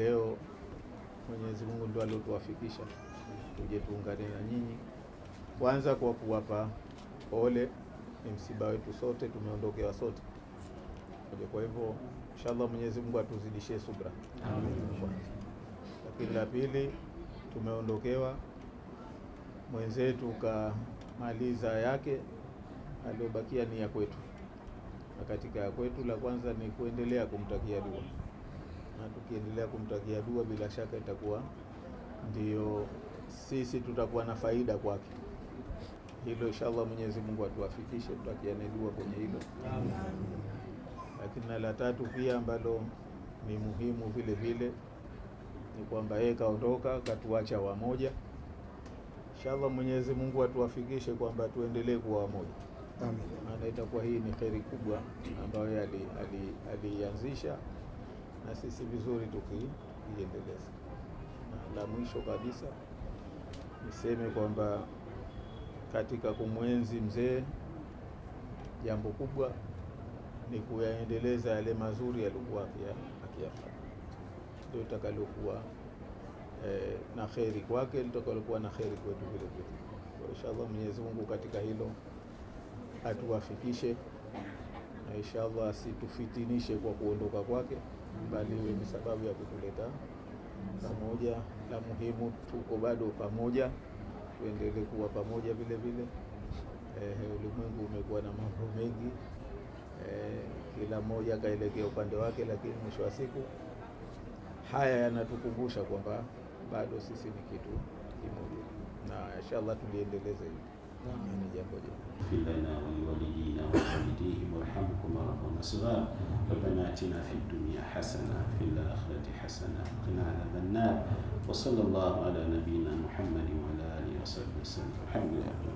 leo Mwenyezi Mungu ndio aliotuwafikisha tuje tuungane na nyinyi, kwanza kwa kuwapa pole. Ni msiba wetu sote, tumeondokewa sote. Kwa hivyo inshallah Mwenyezi Mungu atuzidishie subra, Lakini la pili, tumeondokewa mwenzetu kamaliza yake, aliyobakia ni ya kwetu, na katika ya kwetu la kwanza ni kuendelea kumtakia dua na tukiendelea kumtakia dua, bila shaka itakuwa ndio sisi tutakuwa na faida kwake. Hilo inshallah Mwenyezi Mungu atuwafikishe, tutakiane dua kwenye hilo. Lakini na la tatu pia ambalo ni muhimu vile vile ni kwamba yeye kaondoka katuacha wamoja. Inshallah Mwenyezi Mungu atuwafikishe kwamba tuendelee kuwa wamoja, maana itakuwa hii ni kheri kubwa ambayo aliianzisha ali, ali na sisi vizuri tukiiendeleza. Na la mwisho kabisa niseme kwamba katika kumwenzi mzee, jambo kubwa ni kuyaendeleza yale mazuri yaliokuwa akiyafanya, ndio takalokuwa eh, na kheri kwake, litakalokuwa na kheri kwetu vile vile. Kwa inshallah Mwenyezi Mungu katika hilo atuwafikishe na inshallah asitufitinishe kwa kuondoka kwake, bali iwe ni sababu ya kutuleta pamoja. La muhimu tuko bado pamoja, tuendelee kuwa pamoja vile vile. Ehe, ulimwengu umekuwa na mambo mengi eh, kila mmoja akaelekea upande wake, lakini mwisho wa siku haya yanatukumbusha kwamba bado sisi ni kitu kimoja, na inshallah tuliendeleze hivi, ni jambo jema. ومرضنا صغار ربنا اتنا في الدنيا حسنه في الاخره حسنه وقنا عذاب النار وصلى الله على نبينا محمد وعلى اله وصحبه وسلم الحمد لله